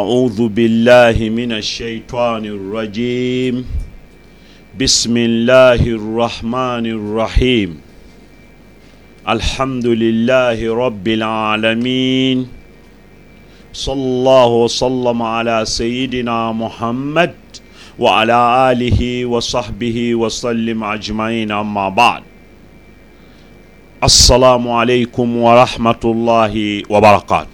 أعوذ بالله من الشيطان الرجيم بسم الله الرحمن الرحيم الحمد لله رب العالمين صلى الله وسلم على سيدنا محمد وعلى آله وصحبه وسلم أجمعين أما بعد السلام عليكم ورحمة الله وبركاته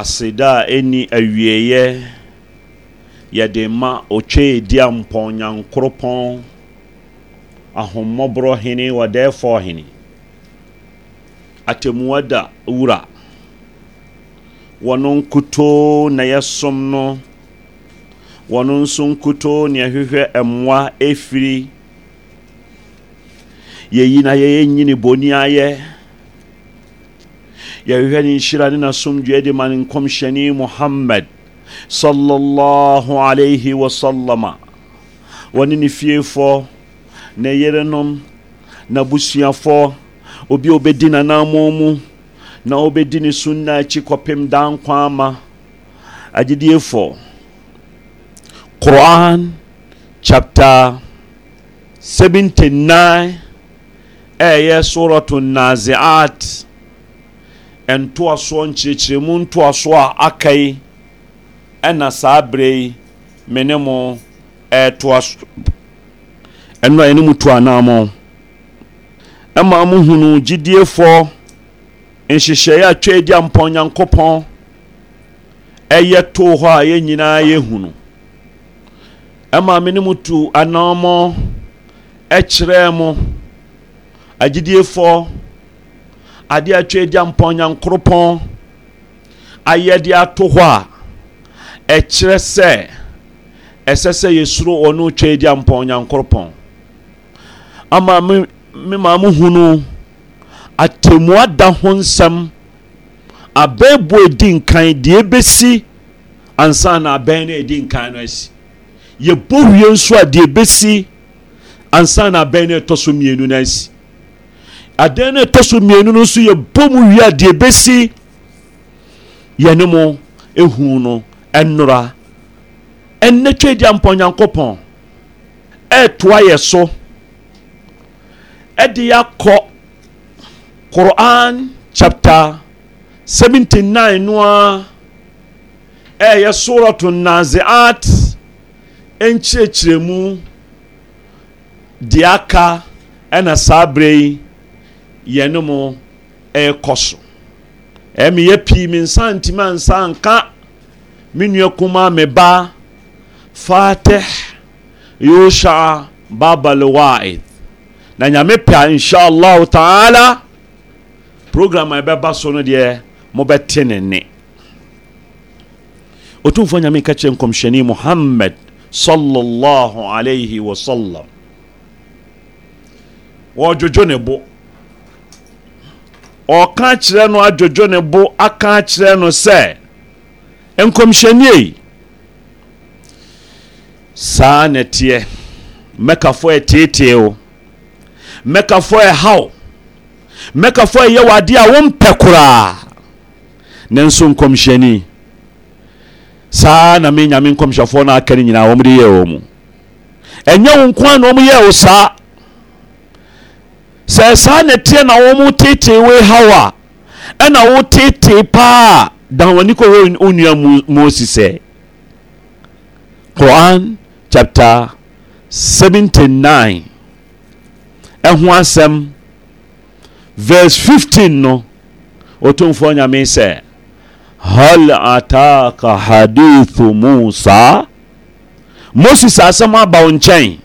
aseda a ɛni awieeɛ yɛde ma otweedi a mpɔnyankoropɔn ahommɔborɔ hene wɔdɛɛfɔɔ hene atemmuwa da wura wɔno nkutoo na yɛsom no wɔno nso nkutoo na ɛhwehwɛ mmoa efiri yɛyi na yɛyɛ nyini boni ayɛ yɛhwehwɛ ne nhyira ne nasomdua de ma ne nkɔmhyɛne muhammad sallallahu alaihi wasallama wɔne ne fiefɔ ne yerenom n'abusuafɔ obi a obɛdi n'anammɔn mu na wobɛdi ne sunna akyi kɔpem dan kwan ama agyediefɔ quran chapter 79 ɛyɛ suratu naziat ntoasoɔ nkyerɛkyerɛmu ntoasoɔ a aka yi ɛna saa berɛ yi me ne mo ɛɛtoa so ɛno a yɛne mu to anaa mo ɛma mo hunu gyidiefoɔ nhyehyɛeɛ a twa adi a mpɔ ɛyɛ too hɔ a yɛn nyinaa yɛhunu ɛma me ne mu to anaa mo ɛkyerɛɛ agyidiefoɔ adeɛ atwa agya mpɔnyankoropɔn ayɛ de ato hɔ a ɛkyerɛ sɛ ɛsɛ sɛ yɛsuro ɔno twa agya mpɔnyankoropɔn ama me me maa mo hu no atemmua da ho nsɛm abɛɛbo edi nkan deɛ ebesi ansa na abɛn no edi nkan no asi yɛbɔ wie nso a deɛ ebesi ansa na abɛn no ɛtɔ so mmienu no asi adan no ɛtɔ so mmienu no nso yɛbɔ mu wie a deɛ ɛbɛsi yɛne mo ɛhu no ɛnnora ɛnnɛ twɛdia mpɔ nyankopɔn ɛɛtoa yɛ so ɛde yɛakɔ quran chapter 79 no a ɛyɛ suratu naziat ɛnkyerɛkyerɛmu deɛ aka ɛna saa berɛ yi yɛne mo ɛrekɔ so ɛmi yɛ pii mi nsa ntima nsa nka mi nua kuma mi ba fatih yosha babal wa'id na nyame pɛ inshallah ta'ala program a ɛbɛba so no deɛ mobɛte ne nne ɔtumfoɔ nyame ka kyerɛ nkɔmhyɛni muhammad sallallahu alaihi wasallam wɔdwodwo ne bo ɔka kyerɛ no adwodwo ne bo aka kyerɛ no sɛ nkɔmhyɛnie saa na ɛteɛ mɛkafoɔ ɛteetee wo mɛkafoɔ ɛhaw mɛkafoɔ ɛyɛ wɔ a wompɛ koraa nso nkɔmhyɛni saa na me nyame nkɔmhyɛfoɔ no aka no nyinaa wɔmde wɔ mu ɛnyɛ wo nko a na wɔm wo saa sɛ saa nnɛti ɛna wo motetee wei hawa ɛna wotetee paa dawani kɔ hɔ wo nua mosesɛ qoran chapta 79 ɛho asɛm vrs 15 no ɔtomfo nyame sɛ hal ataka hadithu mosa moses asɛm abawo nkyɛn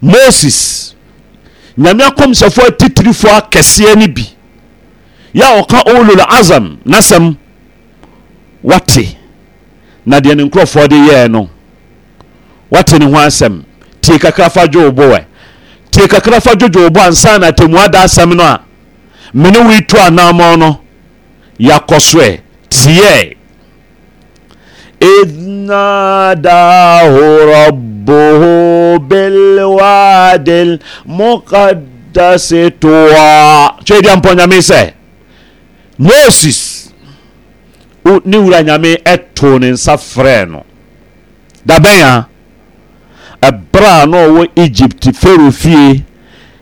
moses nyame akɔmhyɛfoɔ atitirifoɔ akɛseɛ no bi yɛ a ɔka olul azam nasɛm wate na deɛ ne nkurɔfoɔ de yɛɛ no wate ne ho asɛm tie kakra fa dwo wo tie kakra fa dwodwo ansa na atemmu da asɛm no a mene wei to anammɔn no yɛakɔ so ɛ tiɛ إذ ناداه ربه بالواد المقدس طوى chedi ampɔ nyame sɛ moses ne wura nyame ɛtoo ne nsa frɛɛ no dabɛn a ɛberɛ a na ɔwɔ egypt fero fie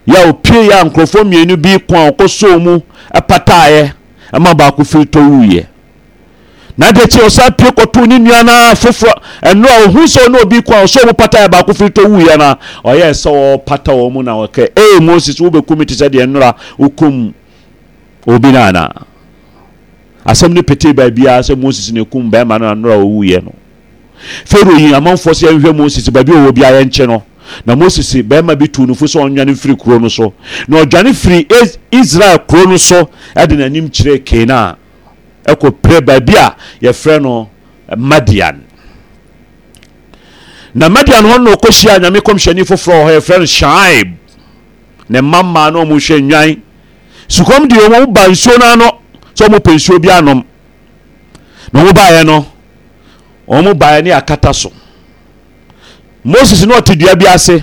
yɛ opie yɛ a nkurɔfoɔ mmienu bi kwan ɔkɔsoo mu ɛpataeɛ ɛma baako firi tɔ wuiɛ na deɛ kyi ɔsa pie kɔto ne nua no foforɔ ɛno a ɔhu sɛ ɔne obi kɔ a ɔsɛ ɔmu pata yɛ baako firi tɔ ya na ɔyɛ sɛ ɔpata wɔ mu na ɔkɛ ee moses wobɛkum te sɛ deɛ nnora wokum obi na ana asɛm pete baabi baabiaa sɛ moses ne kum bɛrima no nnora ɔwuiɛ no fero yi amanfoɔ si yɛnhwɛ moses baabi ɔwɔ biara nkyɛ no na moses bɛrima bi tuu nofo sɛ ɔnwane mfiri kuro no so na ɔdwane firi e, israel kuro no so ɛde e, n'anim kyerɛ kanaan ɛkɔ pere baabi a yɛfrɛ no eh, madian na madian hɔ na ɔkɔhyia nyame kɔmhyɛni foforɔ hɔ yɛfrɛ no shaib ne mama na ɔmo hwɛ nwan sukɔm deɛ ɔmo ba nsuo no ano sɛ ɔmo pɛ nsuo bi anom na ɔmo no ɔmo baeɛ ne akata so moses na ɔte dua bi ase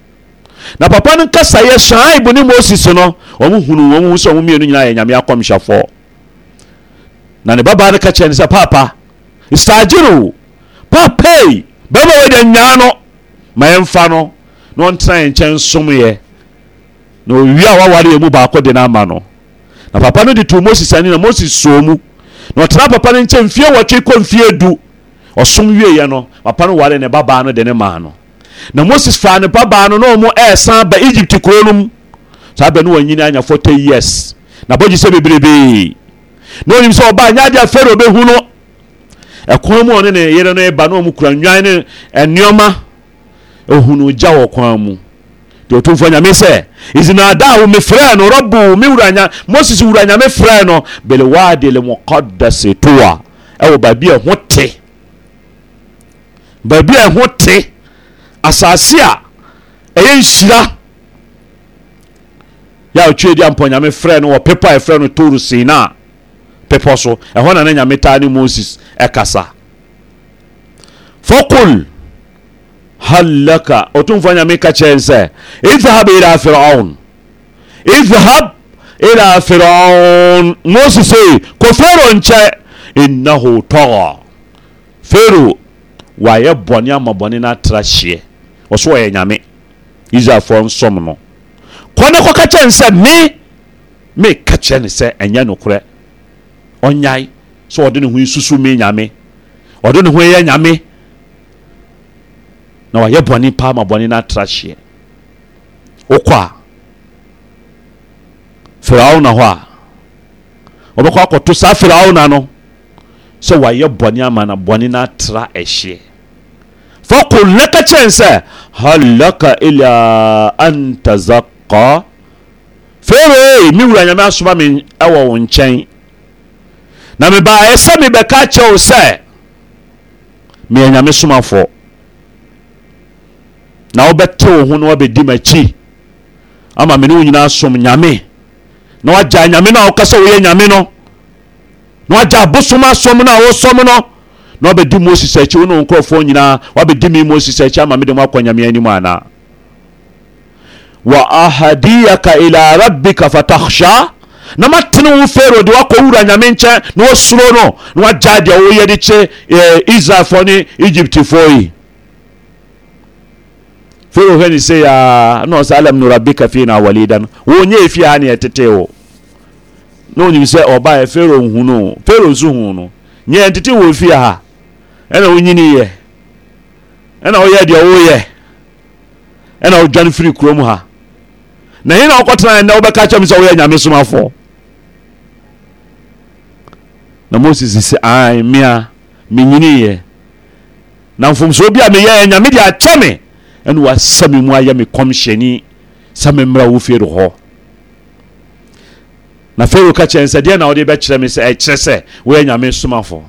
na papa no nkasayɛ hyɛn ibu ne moses no ɔmohunu hunu sɛ wɔn mmienu nyinaa yɛ nyame akɔmhyɛfoɔ na ne babaa no ka kyerɛ ne sɛ papa sagyero papei bɛma wɔde nyaa no ma yɛmfa no na ɔntena yɛ nkyɛn somyɛ na owie a waware yɛ mu baako de no ama no na papa no de too moses ani na moses soo mu na ɔtena papa no nkyɛ mfie wɔtwe kɔ mfie du ɔsom wieɛ no papa no ware ne babaa no de ne maa no na moses faa ne babaa no na ɔmo ɛɛsan ba egypt kuro no mu saa bɛ no wɔnyini anya forty years na bɔgye sɛ bebrebee na onim sɛ ɔbaa nyɛ adeɛ fɛrɛ ɔbɛhu no ɛkwan mu ɔne ne yere no ɛba na ɔmo kura nnwan ne ɛnneɛma ohunu gya wɔ kwan mu deɛ ɔtumfoɔ nyame sɛ izinada wo mefrɛ no rɔbu me wura nya moses wura nyame frɛ no belewaade le mɔkɔdase toa ɛwɔ baabi a ɛho te baabi a ɛho te asasia ɛyɛ nsyira yaw twiɛdianpɔ nyame frɛ no wa ppɔɛ frɛ no tore sina pipɔ so ɛhɔ nane yametane moses ɛkasa fa kol halaka ɔtu nfɔ yame ka cɛɛ n sɛ ihab ila firawn idhab ila firawn nosise kɔfɛro nkyɛ innaho tɔr fɛro wayɛ bɔneamabɔne natra syɛ ɔso ɔyɛ nyame israelfoɔ nsom no kɔ ne kɔka kyerɛ ne sɛ me me ka kyerɛ ne sɛ ɛnyɛ nokorɛ ɔnyae sɛ ɔde ne ho susu me nyame ɔde ne ho yɛ nyame na wayɛ bɔne paa ma bɔne no atra hyeɛ wokɔ a firaona hɔ a ɔbɛkɔ akɔto saa firaona no sɛ wayɛ bɔne ama na bɔne no atra ɛhyeɛ fa ko lɛka kyɛn sɛ halaka ila antazakọ fere mi wura nyame asoma mi ɛwɔ wo nkyɛn na me ba ɛsɛ mi bɛka kyɛw sɛ meyɛ nyame somafoɔ na wobɛte wo ho na wabɛdi m'akyi ama me ne wo nyinaa som nyame na wagya nyame no a woka sɛ nyame no na wagya abosom asom no a wosom no na wabɛdi moses akyi wo ne wo nkurɔfoɔ nyinaa wabɛdi me moses akyi ama mede mo akɔ nyame anim anaa wa ahadiyaka ila rabbika fatahsha na matene wo fero de wura nyame nkyɛn na wasuro no na wagya deɛ woyɛ de kye eh, israelfoɔ ne egyptfoɔ yi fero hwɛ ne se yaa na ɔsɛ alam no rabbika fii fiina awalida no wɔnyɛ ɛfie a ne ɛtetee wo na onyim sɛ ɔbaɛ fero nhu no fero nso hu no nyɛ ntete wɔ fie ha ɛna wonyini yɛ ɛna woyɛ deɛ woyɛ ɛna wodwane firi kurom ha na hena wokɔtena ɛnɛ wobɛka kyɛm sɛ woyɛ nyame somafoɔ na moses sɛ ai mea menyiniyɛ na mfomsoɔ bi a meyɛɛ nyame deɛ akyɛ me ɛne wasɛ me mu ayɛ me kɔmhyɛni sɛ memmra wo fie do hɔ na farao ka kyerɛ sɛ deɛ na wode bɛkyerɛ me sɛ ɛkyerɛ sɛ woyɛ nyame somafoɔ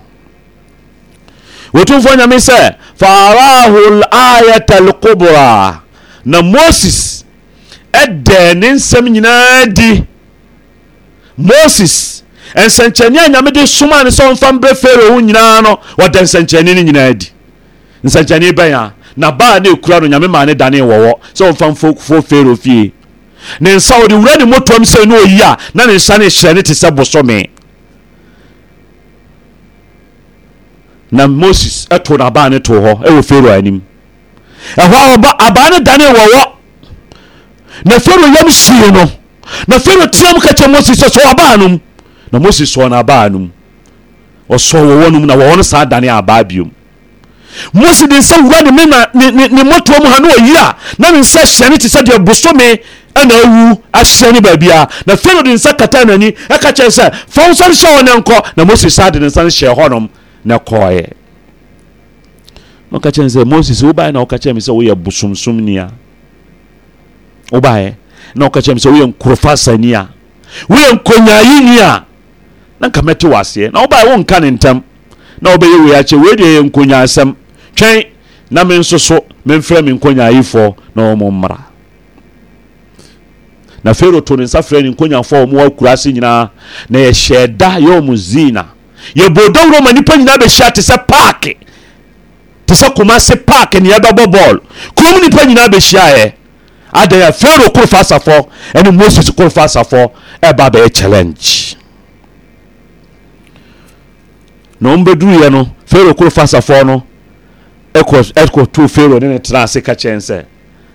wɔtumfoɔ nyame sɛ faaraho layat alkobra na moses ɛdɛɛ ne nsɛm nyinaa di moses ɛnsɛnkyɛnne a nyame de soma ne sɛ ɔmfam berɛ fero hu nyinaa no wɔda nsɛnkyɛnne no nyinaa di nsɛnkyɛnne bɛna na baa ne ɛkura no nyame maa ne danewɔwɔ sɛ ɔmfam ffɔ fero fie ne nsa wode wura ne mmotoam sɛ ne ɔyia na ne nsane hyerɛ ne te sɛ bosoe na moses ɛto n'abaa ne to hɔ ɛwɔ fero anim ɛhɔ a ɔba abaa ne dane wɔwɔ na fero yam sie no na fero team kɛkyɛ moses sɛ sɔɔ abaa nom na moses sɔɔ n'abaa nom ɔsɔɔ wɔwɔ nom na wɔwɔ no saa dane abaa biom mose de nsa wura ne me na ne ne ne mɔtoɔ mu ha na oyi a na ne nsa hyɛ ne te sɛ deɛ bosome ɛna awu ahyɛ ne baabi a na fero de nsa kata n'ani ɛka kyerɛ sɛ fɔnsɔn hyɛ wɔn ne nkɔ na Moses saa de ne nsa hyɛ hɔnom ne na ɔka kyerɛ sɛ moses wobaɛ na ɔka kyerɛ me sɛ woyɛ bosomsomnia wobaɛ na ɔka kyerɛ me sɛ woyɛ nkurofasani a woyɛ nkonyayini a na nka mɛte wɔ aseɛ na wobaɛ wonka ne ntɛm na wobɛyɛ wei akyɛ wei deɛ yɛ nkonyaasɛm twɛn na me nso so memfrɛ me nkonyayifoɔ na ɔmo mmara na fero to ne nsa frɛ ne nkonyafoɔ a akura ase nyinaa na yɛhyɛɛ da yɛ ɔmo zina yɛbo dauroma nipa yina besia te sɛ pake te sɛ comasɛ pak nyababɔbɔl kom nipa yina besiaɛ adaya fɛro kʋrfasaf ɛne mosis rasaf ɛ babɛyɛ challenge non beduruɛn fɛro r asafɔ n ɛto fɛro nenetraseka cɛnsɛ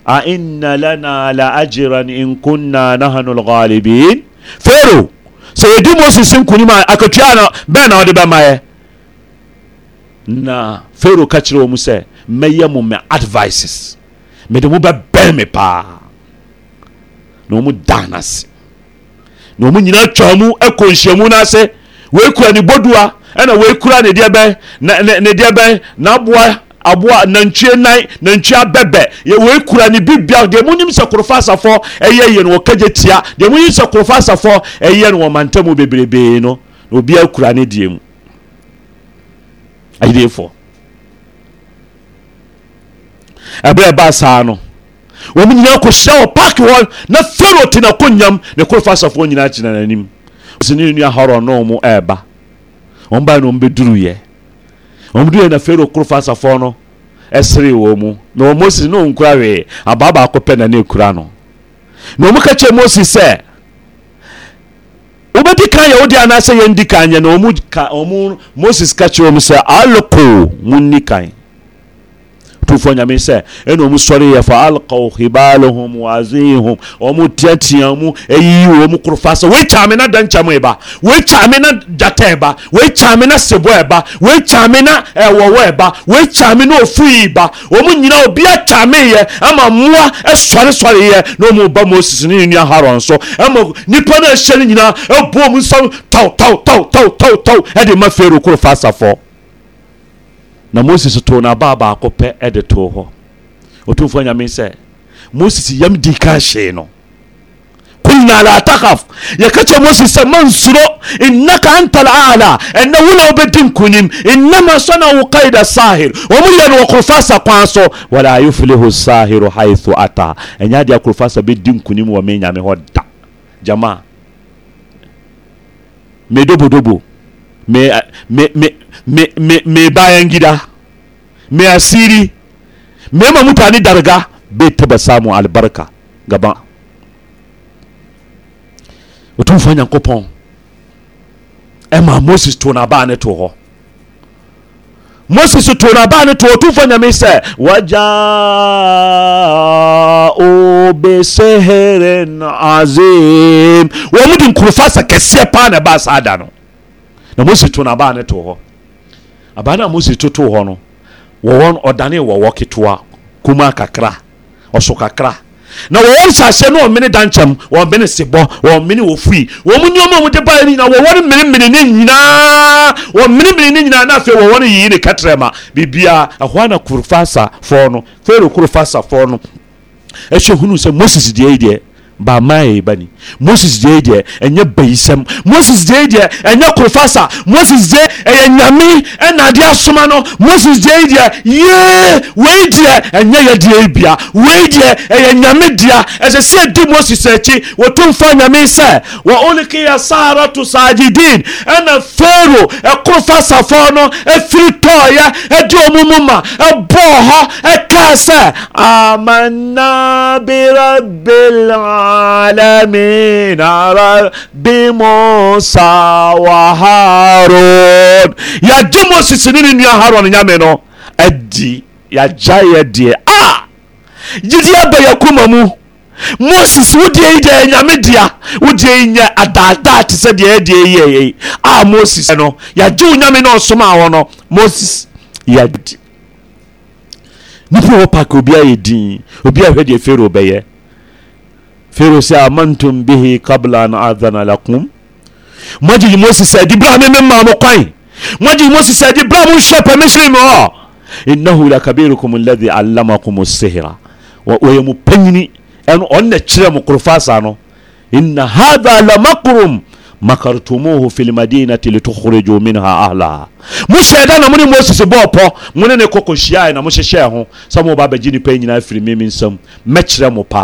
a inna lana laajeran in kunna nahno lgalibin sɛ yɛdi moses nkonim a akatua no bɛn na ɔde bɛmayɛ na pharaoh ka kyerɛ wɔ mu sɛ mɛyɛ mo me advices mede mo bɛbɛn me paa na ɔmu daa no ase na ɔmu nyinaa twa mu ɛkɔ nhyiamu no ase wɔkura ne bodua ɛna wɔkura ne deɛ bɛn ne deɛ bɛn n'aboa aboa nantwie nan nantwie abɛbɛ wei kura ne bibia deɛ munim sɛ korofa asafo ɛyɛ yɛ no wɔkagye tia deɛ munim sɛ korofa asafo ɛyɛ no wɔmantamu bebrebee no na obiara kura ne deɛ mu ayedeefoɔ ɛberɛ ɛbaa saa no wɔn nyinaa kɔhyia wɔ paaki hɔ na fero te na konyam ne korofa asafo nyinaa gyina n'anim ɔsi ne nua hɔrɔ no ɔmo ɛɛba wɔn baa na wɔn bɛduru yɛ wɔn duɛ na fero koro fa asafoɔ no ɛsere wɔn mu na wɔn moses ne wɔn kura wee abaa baako pɛ na ne kura no na wɔn ka kyerɛ moses sɛ wobɛdi kan yɛ wode anaasɛ yɛndi kan yɛ na wɔn ka wɔn moses ka kyerɛ wɔn sɛ aloko mu nni kan ɔtumfoɔ nyame sɛ ɛna ɔmu sɔre yɛ fa alkaw hibalahum waazihum ɔmu teatea mu ɛyiyi wɔ mu korofa sɛ wɔatwa na dankyɛm ɛba wɔatwa na gyata ɛba wɔatwa na sebɔ ɛba wɔatwa na ɛwɔwɔ ɛba wɔatwa me na ɔfui ba ɔmu nyina obi atwa me yɛ ama mmoa ɛsɔresɔre yɛ na ɔmu ba moses ne ne nua haron so ɛma nnipa no ahyɛ no nyinaa ɛbɔ mu nsam tawtawtawtawtawtaw ɛde ma fero korofa asafoɔ na moses too n'aba baako pɛ de too hɔ ɔtumfoɔ nyame sɛ moses yam di ka hyee no kulna la takaf yɛka kyerɛ moses sɛ mansuro innaka anta ala ɛnɛ wo na wobɛdi nkonim innama sanawo kaida sahir ɔmoyɛ no wɔkorofasa kwan so wala yuflihu sahiru haithu ata ɛnyɛ deɛ akorofasa bɛdi nkonim wɔ me nyame hɔ da jamaa me dobodobo me, me, me me me me bayangira me asiri me ma mutane darga bai taba samun albarka gaba mutum fa nyankopɔn ɛma moses to na baa ne to hɔ moses to na baa ne to ɔtum fa nyame sɛ wajao beseherin azim wɔ mu de nkurofa sɛ kɛseɛ paa na ɛbaa saa da no na moses to na baa ne to hɔ abaa no a mose totoo hɔ no wɔwɔ ɔdane wɔwɔ ketewa kuma kakra ɔso kakra na wɔwɔ nsase no ɔmene dankyɛm wɔmene sebɔ wɔmene wɔfui wɔn mu nneɛma a wɔde baeɛ no nyinaa wɔwɔ no menemene ne nyinaa wɔmenemene ne nyinaa na afei wɔwɔ no yii ne kɛtrɛma biribiaa ɛhɔ a na kurofasafoɔ no fero kurofasafoɔ no ɛhwɛ hunu sɛ moses deɛ yi deɛ ba mayɛ ba ni moses gyee deɛ ɛnyɛ bayisɛm moses gyee deɛ ɛnyɛ kurofasa moses gyee ɛyɛ nyame ɛna adeɛ asoma no moses gyee deɛ yee wei deɛ ɛnyɛ yɛ deɛ bia wei deɛ ɛyɛ nyame dea ɛsɛ sɛ di moses akyi wɔtumfa nyame sɛ wɔolikiya saratu sajidin ɛna fero ɛkorofasafoɔ no ɛfiri tɔɔyɛ ɛde ɔmo mu ma ɛbɔɔ e hɔ ɛkaa e sɛ amanna birabila العالمين رب موسى وهارون يجي موسى نيني هارون نيامي نو ادي yagya yɛ deɛ a gyidi aba yɛ kuma moses wodeɛ yi deɛ nyame dea wodeɛ yi nyɛ adaadaa te sɛ deɛ ɛdeɛ yi yɛyɛ a moses no yagye wo nyame na ɔsom a wɔ no moses yɛdi nipa wɔ paaka obi ayɛ din obi ahwɛ deɛ fero bɛyɛ r mantum bhi bl n n m in kbirkm li lm s artm fiainti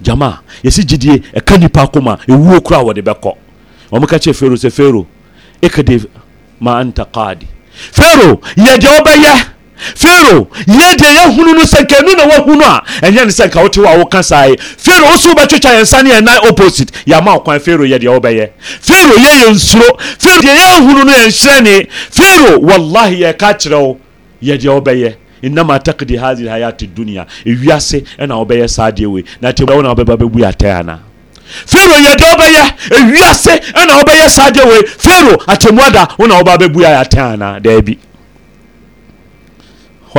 jama yɛsi gyidie ɛka nipa koma ɛwuo kora wɔde bɛkɔ wɔn ka kyerɛ fero sɛ fero ekade ma anta kaadi fero yɛ deɛ wɔbɛyɛ fero yɛ deɛ yɛhunu no sɛ nkanu na wahunu a ɛnyɛ ne sɛ nka wote wɔ a woka saa yi fero wo so wobɛtwetwa yɛn nsa ne yɛnan opposite yɛama ɔkwan fero yɛ deɛ wobɛyɛ fero yɛ yɛ nsuro fero deɛ yɛahunu no yɛnhyerɛne fero wallahi yɛka kyerɛ wo yɛ deɛ wobɛyɛ inama takdi hathi lhayat adunia ɛwiase ɛna wobɛyɛ saadeɛ wei nn wba bɛbu yɛ atɛ anaa fero yɛda wobɛyɛ ɛwiase ɛna wobɛyɛ saadeɛ wei fero atamuada wo na woba bɛbu ayɛ atɛn anaa daabi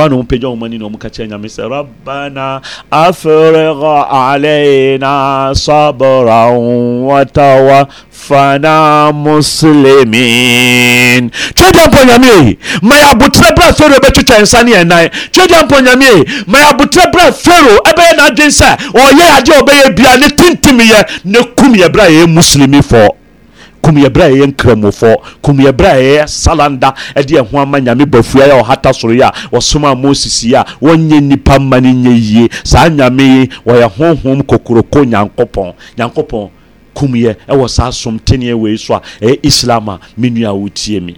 hɔ a na ɔmpagya wɔn ani na ɔmka kyerɛ nyame sɛ rabbana afrigh alaina sabra watawafana muslimin twɛdwa nyame ma yɛ berɛ fero bɛtwitwa nsa ne ɛnan twɛdwa mpɔ nyame ma yɛ berɛ fero ɛbɛyɛ n'adwen sɛ ɔyɛ adeɛ a ɔbɛyɛ bia ne tentemyɛ ne kumyɛ berɛ a yɛyɛ muslimifoɔ kumuyɛbrɛ a ɛyɛ nkramofɔ kumuyɛbrɛ a ɛyɛ salanda ɛde ɛho ama nyame bafua yɛ ɔhata soro yɛ a wɔsoma moses yɛ a wɔnyɛ nipa mma no nyɛ yie saa nyame yi wɔyɛ honhom kokoroko nyankopɔn nyankopɔn kumuyɛ ɛwɔ saa somteneɛ wei so a ɛyɛ islam a me nua wotie me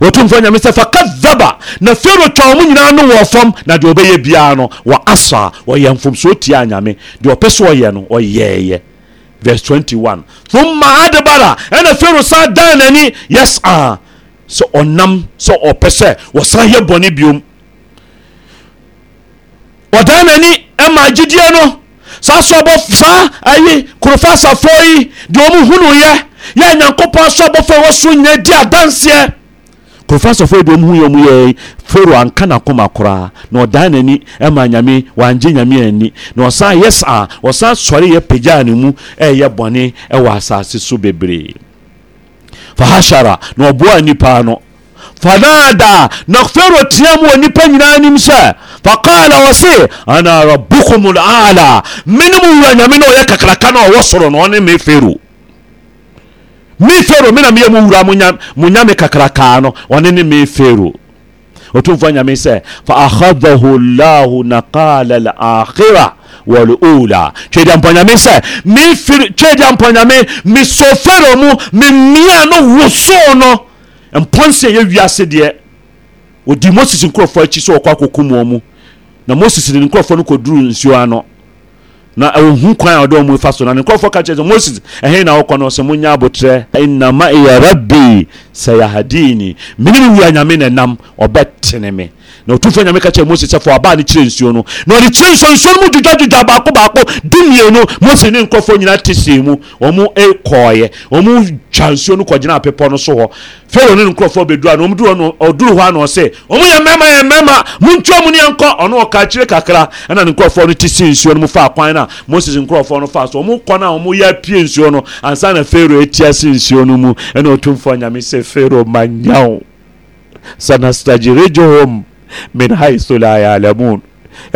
wɔtumfoɔ nyame sɛ fakadhaba na fero twa mu nyinaa no wɔ fam na deɛ ɔbɛyɛ biara no wɔ asa wɔyɛ mfomsoɔ tiaa nyame deɛ ɔpɛ sɛ ɔyɛ no ɔyɛɛyɛ verse twenty-one. 21 thumma adabara ɛna pharaoh san dan n'ani yes ah sɛ ɔnam sɛ ɔpɛ sɛ wɔsan yɛ bɔne biom ɔdan n'ani ɛma gyidie no saa so ɔbɔ saa ayi kurofa asafoɔ yi deɛ ɔmo hunu yɛ yɛ nyankopɔn so ɔbɔfoɔ wɔso nyina di adanseɛ professor fo edom hu yɛm yɛ fero anka n'akoma koraa na ɔdan n'ani ɛma nyame wangye nyame ani na ɔsan yɛ saa ɔsan sɔre yɛ pagyaa ne mu ɛɛyɛ bɔne ɛwɔ asase so bebree fahashara na ɔboa nipa no fanada na fero teɛ mu wɔ nipa nyinaa anim sɛ fakala ɔse ana rabukum ala mene mu wura nyame na ɔyɛ kakraka na ɔwɔ soro na ɔne me fero me fero mena meyɛ mu wura mo nyame kakrakaa no ɔne ne me fero ɔtumfɔɔ nyame sɛ fa akadahu llahu nakala alahira waalola twedeampɔnyame sɛ tedampɔ nyame me so fero mu memea no wo soo no mpɔ nse yɛwi asedeɛ ɔdi mo sisi nkurɔfɔɔ akyi sɛ wɔkɔkɔkumuɔ mu na mosisin nkurɔfɔɔ nokɔdur nsuoa na ɛhu kwan a ɔde ɔmo fa so na ne nkurɔfoɔ ka kyerɛ sɛ moses ɛhe na ɔkɔ no sɛ monya abotrɛ innama iya rabbi sɛ yahadini menim wia wura nyame na nam ɔbɛtene me na ɔtumfoɔ nyame ka kyerɛ mose sɛ fo abaa ne kyerɛ nsuo no na ɔde kyerɛ nsuo nsuo no mu dwudwadwudwa baako baako dumienu mose ne nkurɔfoɔ nyinaa te see mu ɔmo eh, kɔɔyɛ ɔmo twa nsuo no kɔgyina pepɔ no so hɔ fɛrɛ ne nkurɔfoɔ bɛdua no ɔmduru no ɔduru hɔ ano ɔsɛ ɔmo yɛ mɛma yɛ mɛma montua mu ne yɛnkɔ ɔno ɔka kyerɛ kakra ɛna ne nkurɔfoɔ no te see nsuo no mu faa kwan no a moses nkurɔfoɔ no faa so ɔmo kɔ no a yɛ apie nsuo no ansa na fɛrɛ atia se nsuo no mu ɛna ɔtumfoɔ nyame sɛ fɛrɛ ma nyaw sanastagyerejohom min haisu la ya'lamun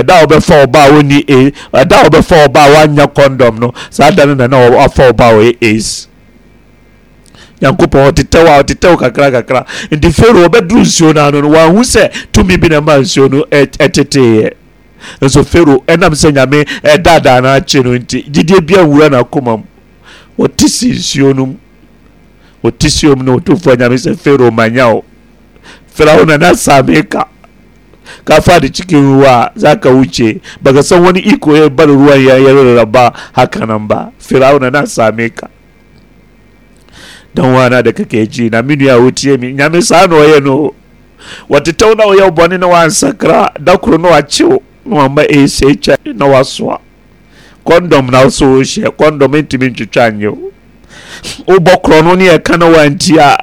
ɛda a wɔbɛfa ɔbaa wɔni a ɛda a wɔbɛfa ɔbaa wɔanya kɔndɔm no saa da no na na wɔafa ɔbaa wɔyɛ aids nyankopɔn ɔtetɛw a ɔtetɛw kakra kakra nti fero wɔbɛduru nsuo no ano no wɔahu sɛ tumi bi na ma nsuo no ɛteteeɛ nso fero ɛnam sɛ nyame ɛdaadaa no akye no nti gyidie bia nwura n'akoma mu wɔte si nsuo no mu wɔte si mu no wɔtomfoɔ nyame sɛ fero manya wo fira wo na na saame ka ka fadi cikin ruwa za ka wuce baka san wani iko ya bar ruwan ya yi rarraba nan ba firawuna na same ka don wana da kake ji na minu ya wuce mi nyame sanuwa ya no wata tauna yau bani na wan sakra da kuro na wachiwo e na wamba sai ce na waswa kondom na wasu she kondom intimi e yau ubokro no ne kana wantia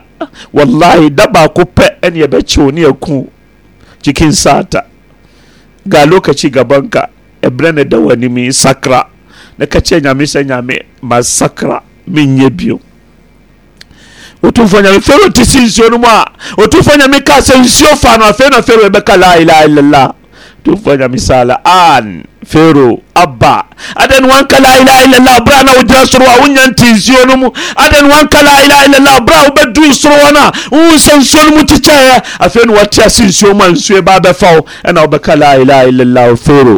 wallahi daba ko pe ene ya ne ya ku. cikin sata ga lokaci gabanka ebreine dawanimi sacra nekacee ñame sañame ma sacra min ñebio o tun foñami fero tisinsionuma o tun foñami kase nsio faana feno fer e ɓeka lailah illallah tufaya misal an feero abba aɗen wanka lailahilllah branawojira suruwa wunyanti n siyonumu aɗen wanka lailah illlahu bra woɓe dui suruwana nwunse nsiyonumu cechea afeinu wattiya si nsioma nsue baɓe faw anawɓeka lailahilallahu feero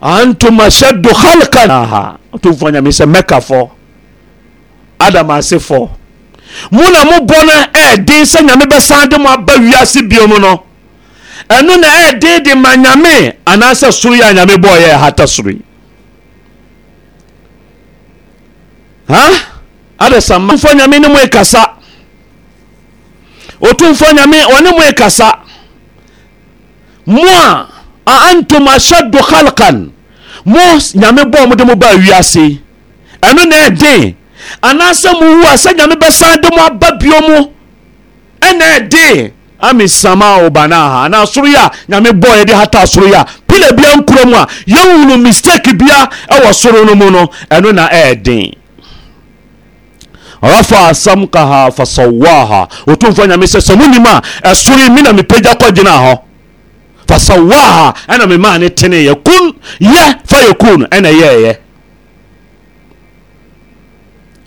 antom ashado halka ɔtomfɔ nyame sɛ mɛkafɔ adamasefɔ mona mobɔno ɛɛ den sɛ nyame bɛsan de m aba wiase biom no ɛno na ɛɛ den de ma nyame anasɛ soro yɛ nyame bɔɔyɛɛhata soroyi adas nyame nem kasa ɔtomfɔ nya ɔnem kasa a a antum ashaddu khalqan mo nyame bɔɔ mo de mo baa wiase ɛno na ɛden anaasɛ mowu a sɛ nyame bɛsan de mo aba bio mu ɛna ɛden ami sama o bana ha na soro yi a nyame bɔ yɛ de hata soro yi a pila bia nkuro mu a yɛwuru mistake bia ɛwɔ soro no mu no ɛno na ɛɛden rafa samkaha fasawaha ɔtumfoɔ nyame sɛ sɛ monim a ɛsoro yi me na mepagya kɔgyina hɔ فaصwaها ena mi manitenيe كn ye faيكون ene yeye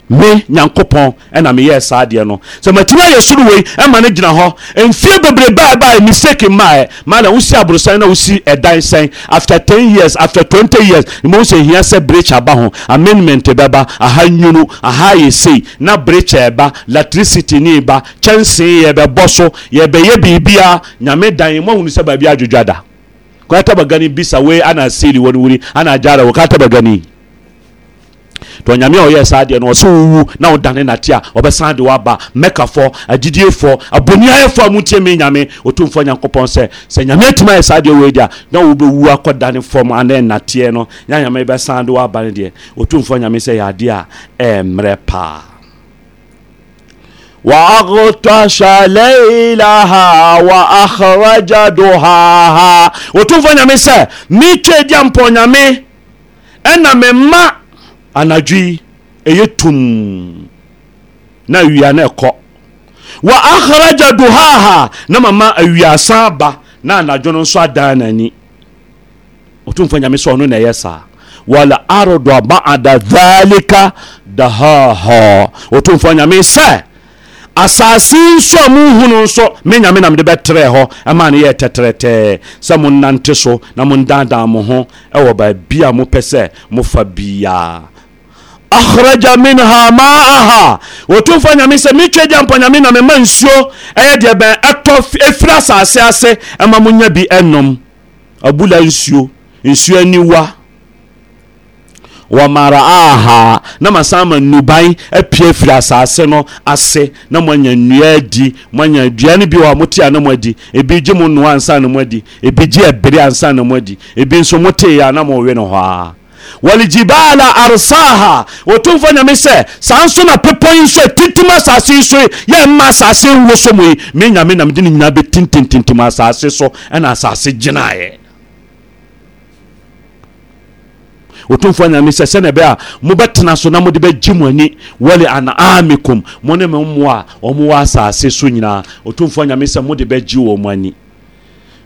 me nyankopɔn ɛna meyɛɛ saa deɛ no sɛ matumi ayɛ soro wei ɛma no gyina hɔ mfie bebree baa baa mistake mmaɛ mana wosi aborosɛn na wosi ɛdan sɛn after 10 years after 20 years mmom sɛ hia sɛ breach aba ho amendment bɛba aha nwunu aha yɛ sei na breach ɛba electricity ne ba kyɛnsee yɛbɛbɔ so yɛbɛyɛ biribiaa nyame dan moahunu sɛ baabi adwodwa da kɔataba gani bisa wei ana asiri wɔ no wuri ana agyara wɔ kɔataba gani nyame a ɔyɛ saadeɛ noɔsɛ wowu na wodane nate a ɔbɛsande waba mɛkafɔ agyidiefɔ aboniaɛfɔ a motiɛme nyame ɔtmfɔ nyankopɔ sɛ sɛ nyame atimi ayɛ saadeɛ eida nwobɛw akɔdane f ananateɛ no aamebɛsade wban deɛ ɔtmfɔ nyame sɛ yɛdea ɛmerɛ paa waaktasa lailaha waaraja dhaha ɔtumfɔ nyame sɛ metwe dampɔ nyame ɛnamemma anadwi yi ɛyɛ tum na awia no ɛkɔ wa akhraja duhaha na mama awiasa aba na anadwo no nso adan n'ani ɔtumfo nyame sɛ ɔno na ɛyɛ saa wala arodo ba'da dhalika dahaha ɔtumfo nyame sɛ asase nso a muhunu nso me nyame namde bɛtrɛ hɔ ɛma no yɛ tɛtrɛtɛɛ sɛ monnante so na mondandan mo ho ɛwɔ baabi a mopɛ sɛ mofa biaa akhraja minha maaha wɔtumfoɔ nyame sɛ metwa gya mpɔ nyame na mema nsuo ɛyɛ deɛ bɛn ɛtɔ ɛfiri asase ase ɛma monya bi ɛnom abula nsuo nsuo aniwa aha na masan ma nnuban apue afiri asase no ase na moanya nnua adi moanya aduane bi wɔ a mote a na mo adi ebi gye mo nnoa ansa na mo adi ebi gye ɛbere ansa na mo adi ebi nso moteeɛ a na mowe no hɔ a walijibala arsaha wɔtumfoɔ nyame sɛ saa nso na pepɔ yi nso atintim asase yi so yɛ mma asase nwo so mu yi me nyame nam de ne nyinaa bɛtintintintim asase so ɛna asase gyinaeɛ wɔtumfoɔ nyame sɛ sɛne ɛbɛ a mobɛtena so na mode bɛgye mo ani wale anamikum mo ne me mmoa a ɔmowɔ asase so nyinaa ɔtumfoɔ nyame sɛ mode bɛgye wɔ mo ani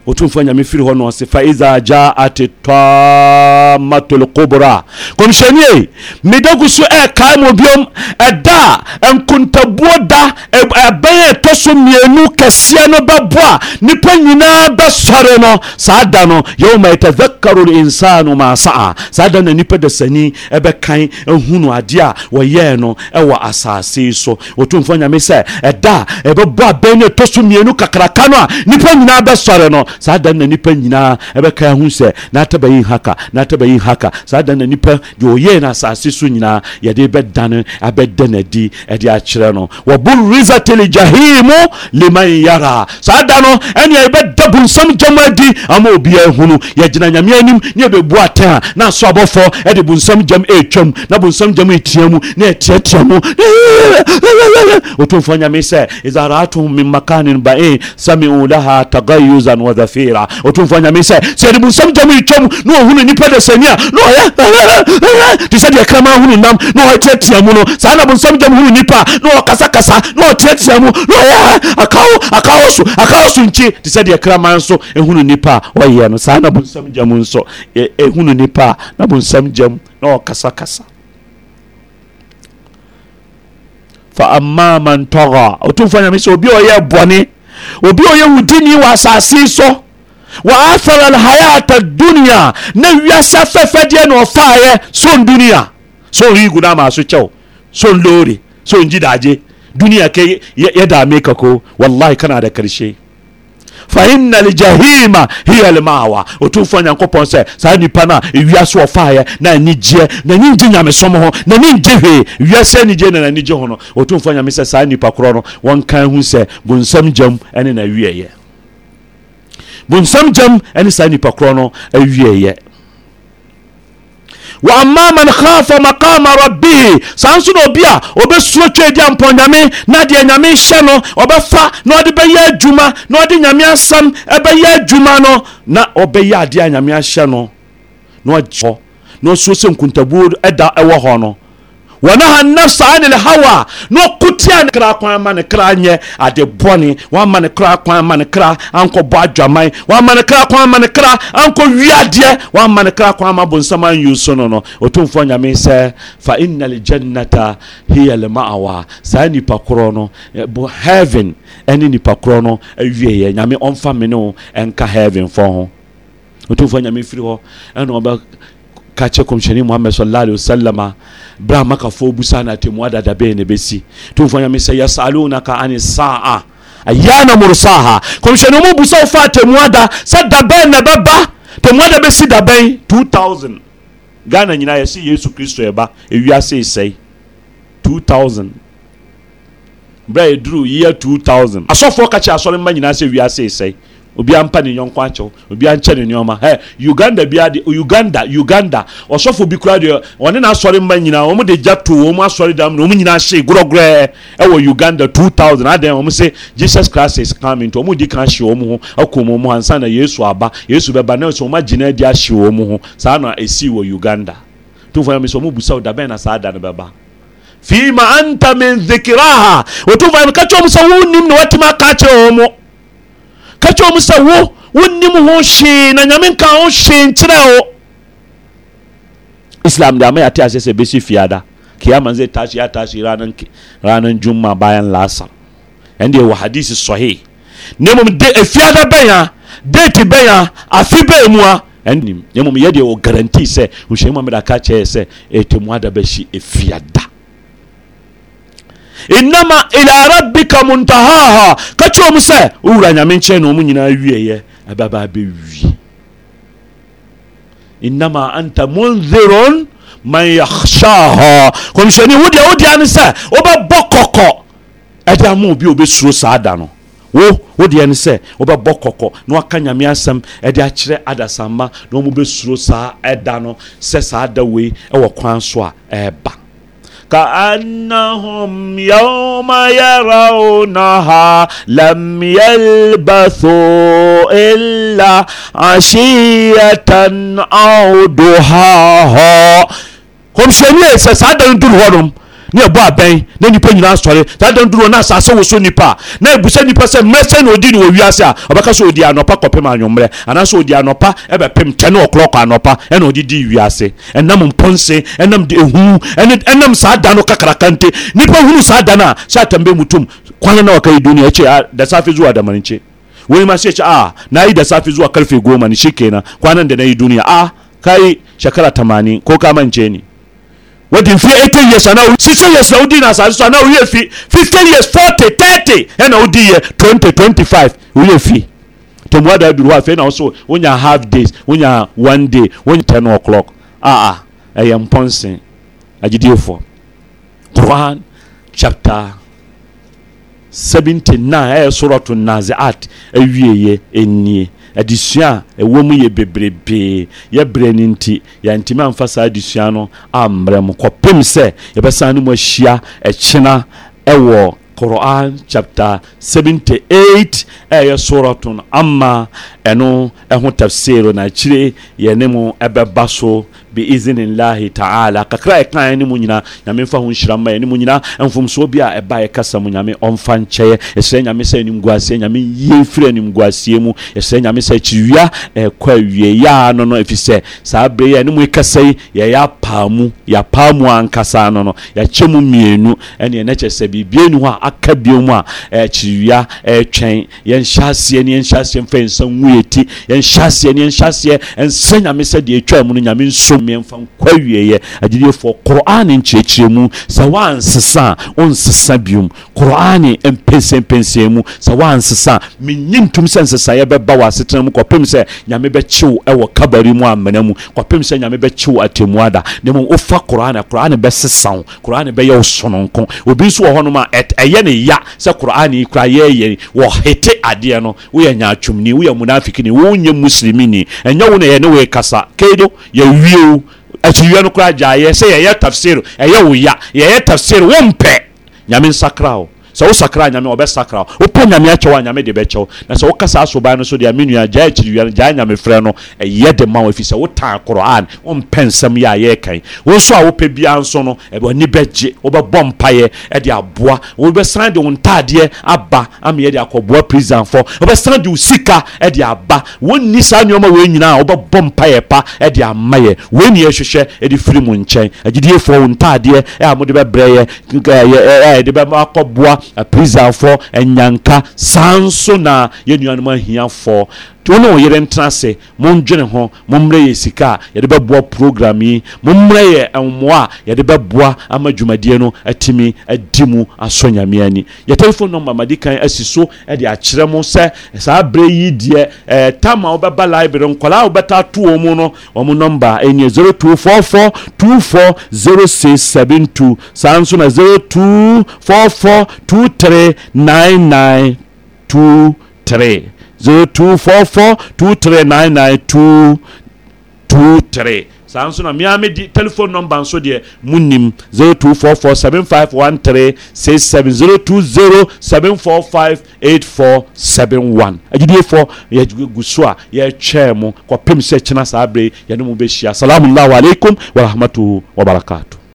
otumfanya mifiri hono se fa iza jaat tamatul kubra meda midagu so e kai mo biom ɛda e nkontabuo da ɛbɛn a ɛtɔ so mmienu kɛseɛ no bɛboa nipa nyinaa bɛsɔre no saa da no yawma yatadhakaru linsanu maa saa saada da na nipa dasani ɛbɛkan ahunu adeɛ a wɔyɛɛ no ɛwɔ asase so otumfo nyame sɛ ɛda ɛbɛboa bɛn a ɛtɔ so mmienu kakraka no a nipa nyinaa bɛsɔre no saa da na nipa nyinaa ɛbɛka ho sɛ n'ataba yi haka n'ataba yi haka saa da na nipa deɛ ɔyɛ no asase so nyinaa yɛde bɛdane abɛdɛ n'adi ɛde akyerɛ no waburizatele jahimu liman yara saa da no ɛnea ɛbɛda bunsam gyam adi ama obia hunu yɛgyina nyame anim ne yɛbɛbu atɛn a na aso abɔfɔ ɛde bunsam gyam ɛtwam na bunsam gyam ɛtia mu na ɛtiatia mu ɔtomfoɔ nyame sɛ idha min makanin bain samiu laha tagayuzan wa gafira otumvanyamise syalibusamja mwicomu huni nipede senia noya eh, eh, eh, tisadia krama huni nam noacetia muno sana busamja huni nipa kasa nookasakasa noocetia mu noya akawo akawosu akawosu nci tisadia krama nso huni nipa wayɛ no sana na bonsamgyam nso e huni nipa na bonsamgyam kasa kasa fa amma man tɔga ɔtumfa mise sɛ obi a ɔyɛ obi o yɛ wodini wa asaseso wa athara alhayat adunya ne wasɛ fɛfɛdɛ no fa yɛ son duniya so n rigunamaaso chɛu so nloori so n jidaje duniya ke yadame kako wallahi kana da karishe faina lejahima ljahima hiya lmawa ɔtumfoɔ nyankopɔn sɛ saa nnipa no a ewiase ɔfaeɛ na anigyeɛ n'ani nyame nyamesom ho n'ani ngye hwee wiase anigye na nanigye gye ho no ɔtumfo nyame sɛ saa nnipa korɔ no wɔnkan hu sɛ bonsam gyam ɛne na bonsam gyam ɛne saa nnipa korɔ no awieɛ wa amma man khafa maqama rabbih saa nso na obi a obɛsuro twɛ di ampɔ nyame na deɛ nyame hyɛ no ɔbɛfa na ɔde bɛyɛ adwuma na ɔde nyame asɛm ɛbɛyɛ adwuma no na ɔbɛyɛ adeɛ a nyame ahyɛ no na ɔgye hɔ na ɔsuro sɛ nkuntabuo ɛda ɛwɔ hɔ no wɔnaha nafsa ane ne hawa na ɔkotea ne kra kwan ma ne kra nyɛ ade bɔne wama ne kra kwan ma ne kra ankɔbɔ adwaman wama ne kra kwan ma ne kra ankɔ wiadeɛ wama ne kra kwan ma bonsam anyi no no ɔtomfoɔ nyame sɛ fa inna aljannata hiya lmaawa saa nipa korɔ no eh, heaven ɛne nipa korɔ no awieɛ nyame ɔmfa me ne wo ɛnka heaven fɔ ho ɔtomfoɔ nyame firi hɔ ɛna kac komseni muhamad a wasallama bramaka fo busana tmuada dabnbe si tfsya salnk an saa ayana mru saha komsɛnɛmubusaofaa temuada sa dabe nebba tmuada besi dabei00 ganyinays yesu ist wisi0 braydue00 ascasɔbayinewii obiara mpa ne nyɔnko akyɛw obiara nkyɛ ne nneɛma ɛ uganda bi adi uganda uganda ɔsɔfo bi kura deɛ ɔne n'asɔre mma nyinaa wɔn de gya to wɔn asɔre dam na wɔn nyinaa hyɛ gorɔgorɔ ɛwɔ uganda two thousand adan wɔn sɛ jesus christ is coming to wɔn di kan hyɛ wɔn ho ɛkɔ wɔn ho ansa na yesu aba yesu bɛba na wɔn agyina adi ahyɛ wɔn ho saa na esi wɔ uganda tufo yɛn mi sɛ wɔn busa ɔda bɛn na saa da no bɛba fiima anta min zikiraha wɔtufo yɛn mi kakyɛ wɔn sɛ wɔn nim ka kyerɛ mu sɛ wo wonnim ho hwee na nyame nka ho hwee nkyerɛ wo islam da amaya ta sɛ bɛsi fiada kiyama zai tashi ya tashi ranar ranar juma bayan lasa yanda yawa hadisi sahih ne mu de fiada bɛya date bɛya afi bɛɛ muwa ɛnim ne mu yɛ deɛ wɔ garanti sɛ wohyɛ mu ameda ka kyerɛ sɛ ɛtɛmu ada bɛhyi fiada inama ila rabika muntaha ha kakwɛo mu sɛ wo wura nyame nkyeɛn na ɔmu nyinaa wieyɛ ɛbɛba bɛwi innama anta munthirun man yaksyaha kɔsɛni wo deɛ wo dea ne sɛ wobɛbɔ kɔkɔ ɛde amao bi obɛsuro saa da no owo deɛ ne sɛ wobɛbɔ kɔkɔ na waka nyame asɛm ɛde akyerɛ adasamma na ɔmubɛsuro saa ɛda no sɛ saada wei ɛwɔ kwan so a ɛba كأنهم يوم يرونها لم يلبثوا إلا عشية أو دهاها هم شنو سادن دول ne ɛbɔ abɛn ne nipa nyinaa sɔre saa dan duro na asase woso nipa na ebusa nipa sɛ mmerɛsɛ na odi ni wɔ ase a ɔbɛka sɛ odi anɔpa kɔpem anwommerɛ anaasɛ odi anɔpa ɛbɛpem ɔkorɔ kɔ anɔpa ɛna odi di ase ɛnam mpɔnse ɛnam ehu ɛne ɛnam saa dan no kakraka nte nipa hunu saa dan a sɛ atam mu mutum kwan na wɔka yi duniya ɛkyɛ dasafe zuwa damanikye wani ma sai ce a na yi da safe zuwa karfe goma ni shikenan kwanan da na yi duniya a kai shakara tamani ko kama mance ni f8eawodiinsaea ye fi 5 ye 40 30 ɛna wodiyɛ 2025 y fi tmuadadurhɔ nw yh days 1day10 0ck yɛ mpse geif crn p79yɛsorto nazeat e adesua a ɛwɔ mu yɛ bebrebee yɛbrɛ no nti yɛntimi amfa saa adesua no ammerɛ mu kɔpem sɛ yɛbɛsan no mu ahyia ɛkyena ɛwɔ Quran chapter seventy eight, ɛyɛ soratun amma ɛno ɛho tafsir na akyire yɛne mu ɛbɛba so biizinillahi taala kakra ɛka ɛ ne mu nyinaa nyame mfa ho nhyira mma ɛ mu nyinaa ɛmfomsoɔ bi a ɛba ɛkasa mu nyame ɔmfa nkyɛeɛ ɛsrɛ nyame sɛ animguaseɛ nyame yie firi animguaseɛ mu ɛsrɛ nyame sɛ kyiwia ɛkɔ awieyɛa no no ɛfiri sɛ saa berɛ yi a mu ɛkasa yi yɛyɛ apaa mu yɛapaa mu ankasa no no yɛakyɛ mu mmienu ɛne ɛnɛ kyɛ sɛ biribia nu hɔ a aka bio mu a kyiwia ɛtwɛn yɛnhyɛ aseɛ ne yɛnhyɛ aseɛ mfa yɛnsa nwu yɛti yɛnhyɛ aseɛ ne yɛnhyɛ aseɛ ɛnsɛ nyame sɛ deɛ ɛtwaa mu no nyame nsom yɛmfa nkɔ awieɛ agyedeɛfoɔ korɔane nkyerɛkyerɛ mu sɛ woansesa a wonsesa biom korɔane mpɛnsɛmpɛnsɛn mu sɛ woansesa a menye ntom sɛ nsesaeɛ bɛba wɔ asetena mu kɔpem sɛ nyame bɛkyew ɛwɔ kabari mu amena mu kɔpem sɛ nyame bɛkyew atemmu ada na mmom wofa korɔane korɔane bɛsesa wo korɔane bɛyɛ wo sononko obi nso wɔ hɔnom a ɛyɛ ne ya sɛ korɔane yi koraa yɛyɛ wɔhete adeɛ no woyɛ nyaatwomni woyɛ munafikini ni wonyɛ muslimini ɛnyɛ wo na yɛ ne woekasa keido yɛwie akyiriwiaw akyiriwia no koraa gyaeɛ sɛ yɛyɛ tafsir ɛyɛ wo ya yɛyɛ tafsir wompɛ nyame nsakra wo sɛ wosakra nyame ɔbɛ sakra wopɛ nyame akyɛw a nyame de bɛkyɛw na sɛ woka saa soban no so deɛ me nua gyaa akyiri wia no gyaa nyame frɛ no ɛyɛ de ma wo ɛfiri sɛ wotaa korɔan wompɛ nsɛm yɛ a yɛrkan wo nso a wopɛ biara nso no ani bɛgye wobɛbɔ mpayɛ ɛde aboa wobɛsan de wo ntadeɛ aba ama yɛde akɔboa prisonfo wobɛsan de wo sika ɛde aba wonni saa nneɔma wei nyinaa wobɛbɔ mpayɛ pa ɛde ama yɛ wei ne yɛhwehwɛ ɛde firi mu nkyɛn agyidiefoɔ wo ntadeɛ ɛa mode bɛbrɛ yɛ ɛde bɛakɔboa aprisafoɔ anyanka saa nso na yɛn nuanom ahiafoɔ wɔn na wɔyere ntena ase mondwene ho mommrɛ yɛ sika a yɛde bɛboa program yi mommrɛ yɛ mmoa a yɛde bɛboa ama dwumadie no atumi adi mu asɔ nyame ani yɛ telephone number madi kan asi so de akyerɛ mo sɛ saa berɛ yi deɛ ɛɛ tam a wɔbɛba library nkɔlaa a wɔbɛta ato wɔn mu no wɔn number ɛni yɛ zero two four four two four zero six seven two saa nso na zero two four four two three nine nine two three. 0244 23 99 2 23 saa nso na mia mɛ de téléphone numbe nso deɛ mum nim 0244 75 13 67 020 745 84 71 ajidiefɔ yɛe gusua yɛ cwɛɛ mu kɔpem sɛ chena saa aberɛi yɛne mu bɛ syia ssalamullahu aleykum warahmatuhu wabarakatuhu